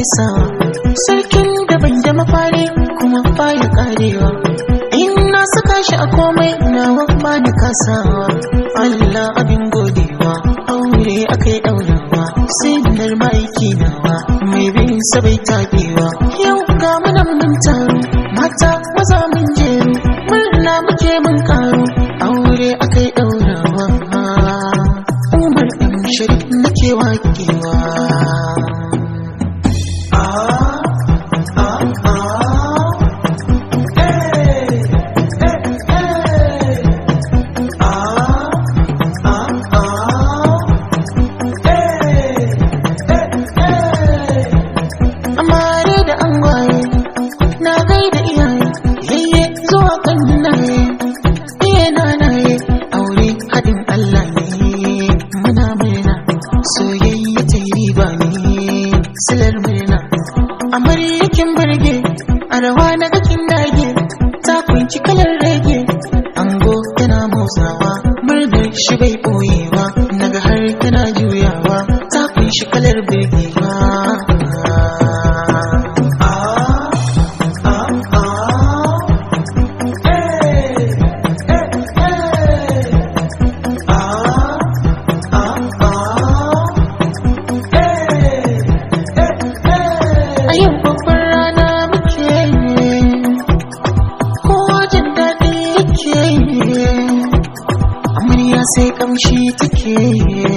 nisa sarkin da bai da mafari kuma baya karewa in na saka shi a komai nawa ba da kasawa Allah abin godewa aure akai daurawa sinar ma'aiki nawa mai bin sa bai yau ga mu mun taru mata maza mun jeru murna muke mun karu aure akai daurawa umar ɗan shirin nake wakewa rawa na bakin dage ta kunci kalar rage ango tana motsawa murnar shi bai boyewa naga har tana juyawa ta kunshi kalar birki sai kamshi take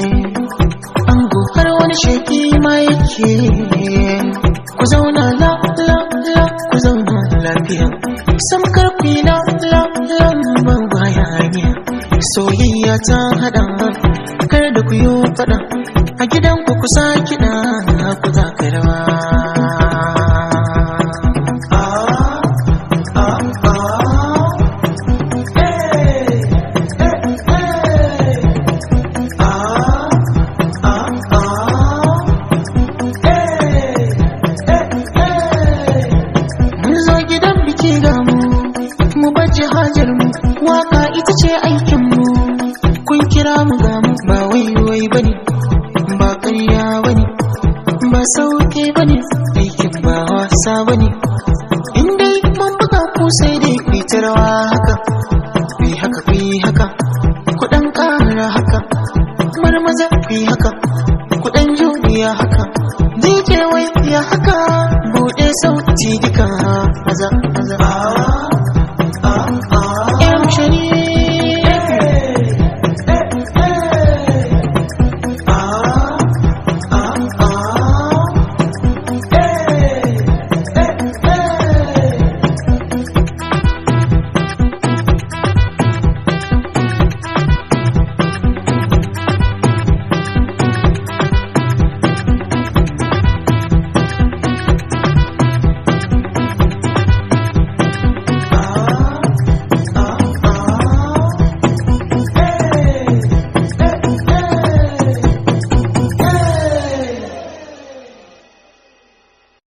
ango har wani shaki ma yake ku zauna la la la ku zauna lafiya sam karfi la la la ban baya ne soyayya ta hada kar da ku yi fada a gidan ku ku sa kiɗa ku taka rawa sauke bane aikin ba wasa bane in dai mun buga ku sai dai ku tarwa haka ku haka ku haka ku dan kara haka marmaza ku haka ku dan juriya haka DJ wai ya haka bude sauti duka maza